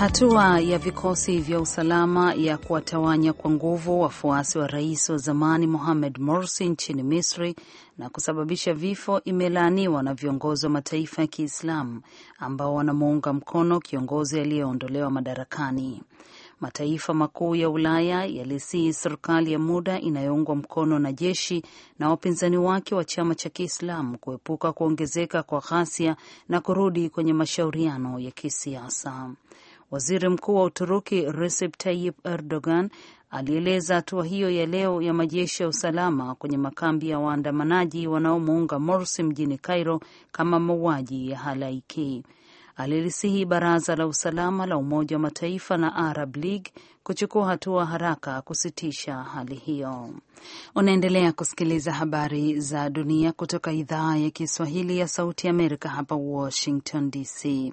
Hatua ya vikosi vya usalama ya kuwatawanya kwa nguvu wafuasi wa rais wa zamani Mohamed Morsi nchini Misri na kusababisha vifo imelaaniwa na viongozi wa mataifa ya Kiislamu ambao wanamuunga mkono kiongozi aliyeondolewa madarakani. Mataifa makuu ya Ulaya yalisii serikali ya muda inayoungwa mkono na jeshi na wapinzani wake wa chama cha Kiislamu kuepuka kuongezeka kwa ghasia na kurudi kwenye mashauriano ya kisiasa. Waziri Mkuu wa Uturuki Recep Tayyip Erdogan alieleza hatua hiyo ya leo ya majeshi ya usalama kwenye makambi ya waandamanaji wanaomuunga Morsi mjini Cairo kama mauaji ya halaiki. Alilisihi Baraza la Usalama la Umoja wa Mataifa na Arab League kuchukua hatua haraka kusitisha hali hiyo. Unaendelea kusikiliza habari za dunia kutoka idhaa ya Kiswahili ya Sauti ya Amerika hapa Washington DC.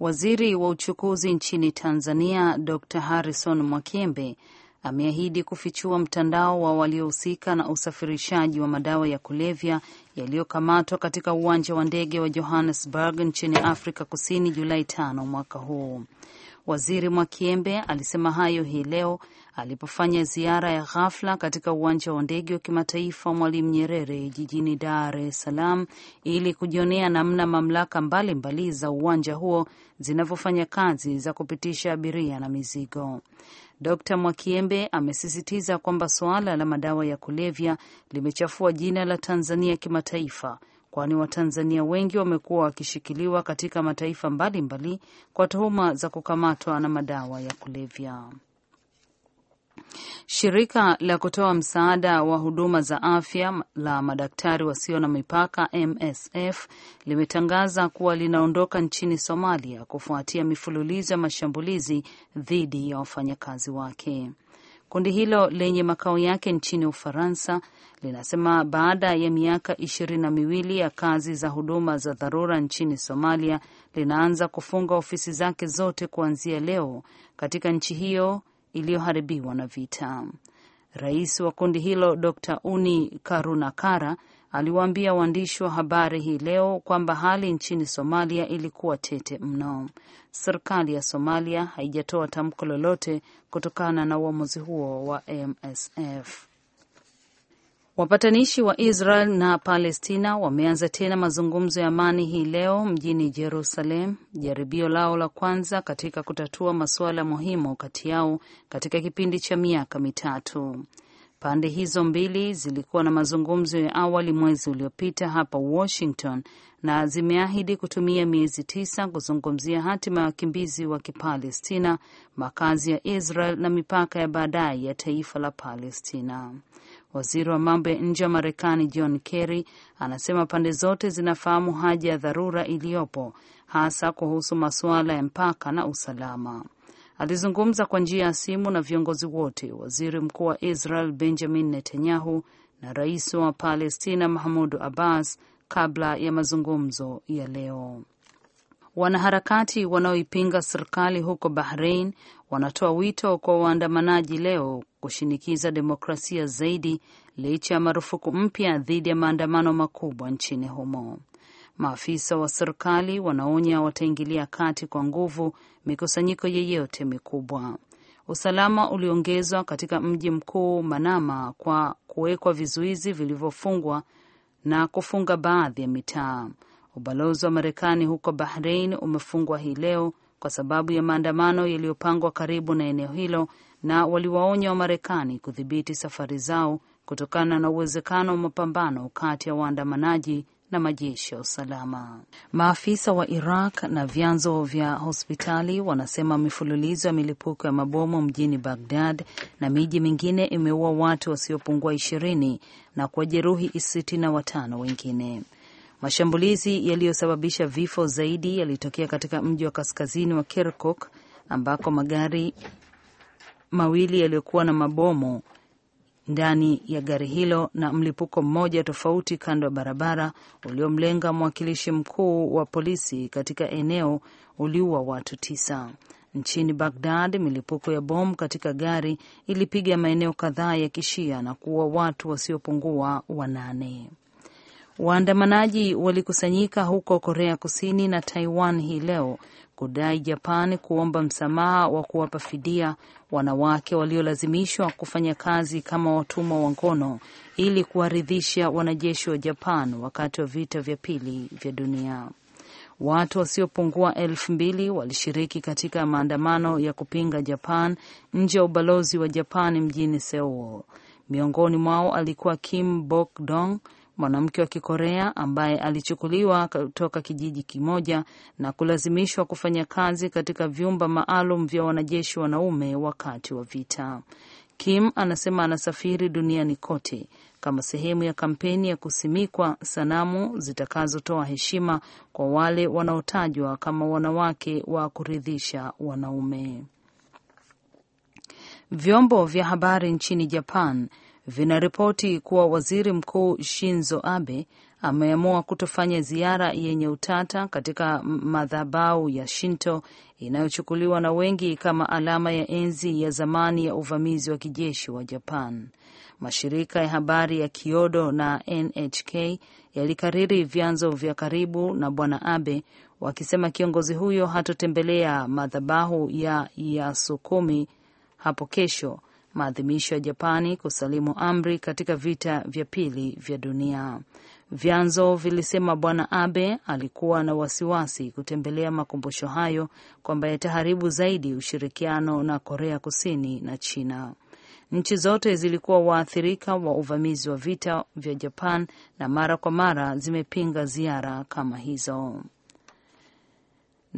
Waziri wa uchukuzi nchini Tanzania Dr. Harrison Mwakembe ameahidi kufichua mtandao wa waliohusika na usafirishaji wa madawa ya kulevya yaliyokamatwa katika uwanja wa ndege wa Johannesburg nchini Afrika Kusini Julai tano mwaka huu. Waziri Mwakiembe alisema hayo hii leo alipofanya ziara ya ghafla katika uwanja wa ndege wa kimataifa Mwalimu Nyerere jijini Dar es Salaam ili kujionea namna mamlaka mbalimbali mbali za uwanja huo zinavyofanya kazi za kupitisha abiria na mizigo. Dkt Mwakiembe amesisitiza kwamba suala la madawa ya kulevya limechafua jina la Tanzania kimataifa kwani Watanzania wengi wamekuwa wakishikiliwa katika mataifa mbalimbali mbali kwa tuhuma za kukamatwa na madawa ya kulevya. Shirika la kutoa msaada wa huduma za afya la madaktari wasio na mipaka MSF limetangaza kuwa linaondoka nchini Somalia kufuatia mifululizo ya mashambulizi dhidi ya wafanyakazi wake. Kundi hilo lenye makao yake nchini Ufaransa linasema baada ya miaka ishirini na miwili ya kazi za huduma za dharura nchini Somalia, linaanza kufunga ofisi zake zote kuanzia leo katika nchi hiyo iliyoharibiwa na vita. Rais wa kundi hilo Dr Uni Karunakara aliwaambia waandishi wa habari hii leo kwamba hali nchini Somalia ilikuwa tete mno. Serikali ya Somalia haijatoa tamko lolote kutokana na uamuzi huo wa MSF. Wapatanishi wa Israel na Palestina wameanza tena mazungumzo ya amani hii leo mjini Jerusalem, jaribio lao la kwanza katika kutatua masuala muhimu kati yao katika kipindi cha miaka mitatu. Pande hizo mbili zilikuwa na mazungumzo ya awali mwezi uliopita hapa Washington na zimeahidi kutumia miezi tisa kuzungumzia hatima ya wakimbizi wa Kipalestina, makazi ya Israel na mipaka ya baadaye ya taifa la Palestina. Waziri wa mambo ya nje wa Marekani John Kerry anasema pande zote zinafahamu haja ya dharura iliyopo hasa kuhusu masuala ya mpaka na usalama. Alizungumza kwa njia ya simu na viongozi wote, waziri mkuu wa Israel Benjamin Netanyahu na rais wa Palestina Mahmud Abbas kabla ya mazungumzo ya leo. Wanaharakati wanaoipinga serikali huko Bahrain wanatoa wito kwa waandamanaji leo kushinikiza demokrasia zaidi licha ya marufuku mpya dhidi ya maandamano makubwa nchini humo. Maafisa wa serikali wanaonya wataingilia kati kwa nguvu mikusanyiko yeyote mikubwa. Usalama uliongezwa katika mji mkuu Manama kwa kuwekwa vizuizi vilivyofungwa na kufunga baadhi ya mitaa. Ubalozi wa Marekani huko bahrein umefungwa hii leo kwa sababu ya maandamano yaliyopangwa karibu na eneo hilo, na waliwaonya Wamarekani kudhibiti safari zao kutokana na uwezekano wa mapambano kati ya waandamanaji na majeshi ya usalama. Maafisa wa Iraq na vyanzo vya hospitali wanasema mifululizo ya milipuko ya mabomu mjini Bagdad na miji mingine imeua watu wasiopungua ishirini na kwa sitini na watano wengine. Mashambulizi yaliyosababisha vifo zaidi yalitokea katika mji wa kaskazini wa Kirkuk ambako magari mawili yaliyokuwa na mabomu ndani ya gari hilo na mlipuko mmoja tofauti kando ya barabara uliomlenga mwakilishi mkuu wa polisi katika eneo uliua watu tisa. Nchini Bagdad, milipuko ya bomu katika gari ilipiga maeneo kadhaa ya kishia na kuua watu wasiopungua wanane. Waandamanaji walikusanyika huko Korea Kusini na Taiwan hii leo kudai Japan kuomba msamaha wa kuwapa fidia wanawake waliolazimishwa kufanya kazi kama watumwa wa ngono ili kuwaridhisha wanajeshi wa Japan wakati wa vita vya pili vya dunia. Watu wasiopungua elfu mbili walishiriki katika maandamano ya kupinga Japan nje ya ubalozi wa Japan mjini Seoul. Miongoni mwao alikuwa Kim Bok Dong, mwanamke wa Kikorea ambaye alichukuliwa kutoka kijiji kimoja na kulazimishwa kufanya kazi katika vyumba maalum vya wanajeshi wanaume wakati wa vita. Kim anasema anasafiri duniani kote kama sehemu ya kampeni ya kusimikwa sanamu zitakazotoa heshima kwa wale wanaotajwa kama wanawake wa kuridhisha wanaume. Vyombo vya habari nchini Japan vinaripoti kuwa waziri mkuu Shinzo Abe ameamua kutofanya ziara yenye utata katika madhabahu ya Shinto inayochukuliwa na wengi kama alama ya enzi ya zamani ya uvamizi wa kijeshi wa Japan. Mashirika ya habari ya Kyodo na NHK yalikariri vyanzo vya karibu na Bwana Abe wakisema kiongozi huyo hatotembelea madhabahu ya Yasukuni hapo kesho maadhimisho ya Japani kusalimu amri katika vita vya pili vya dunia. Vyanzo vilisema Bwana Abe alikuwa na wasiwasi kutembelea makumbusho hayo kwamba yataharibu zaidi ushirikiano na Korea Kusini na China. Nchi zote zilikuwa waathirika wa uvamizi wa vita vya Japan na mara kwa mara zimepinga ziara kama hizo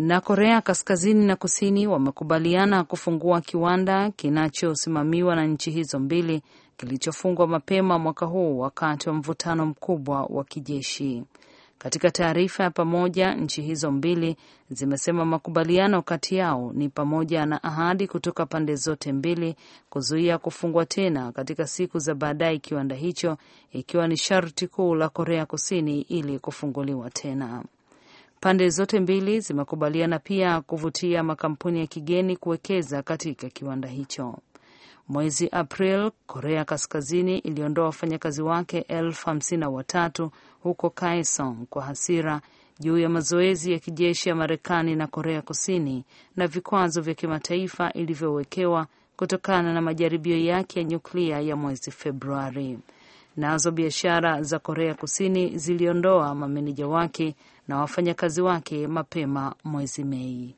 na Korea Kaskazini na Kusini wamekubaliana kufungua kiwanda kinachosimamiwa na nchi hizo mbili kilichofungwa mapema mwaka huu wakati wa mvutano mkubwa wa kijeshi. Katika taarifa ya pamoja, nchi hizo mbili zimesema makubaliano kati yao ni pamoja na ahadi kutoka pande zote mbili kuzuia kufungwa tena katika siku za baadaye kiwanda hicho, ikiwa ni sharti kuu la Korea Kusini ili kufunguliwa tena. Pande zote mbili zimekubaliana pia kuvutia makampuni ya kigeni kuwekeza katika kiwanda hicho. Mwezi April, Korea Kaskazini iliondoa wafanyakazi wake elfu hamsini na watatu huko Kaesong kwa hasira juu ya mazoezi ya kijeshi ya Marekani na Korea Kusini na vikwazo vya kimataifa ilivyowekewa kutokana na majaribio yake ya nyuklia ya mwezi Februari. Nazo biashara za Korea Kusini ziliondoa mameneja wake na wafanyakazi wake mapema mwezi Mei.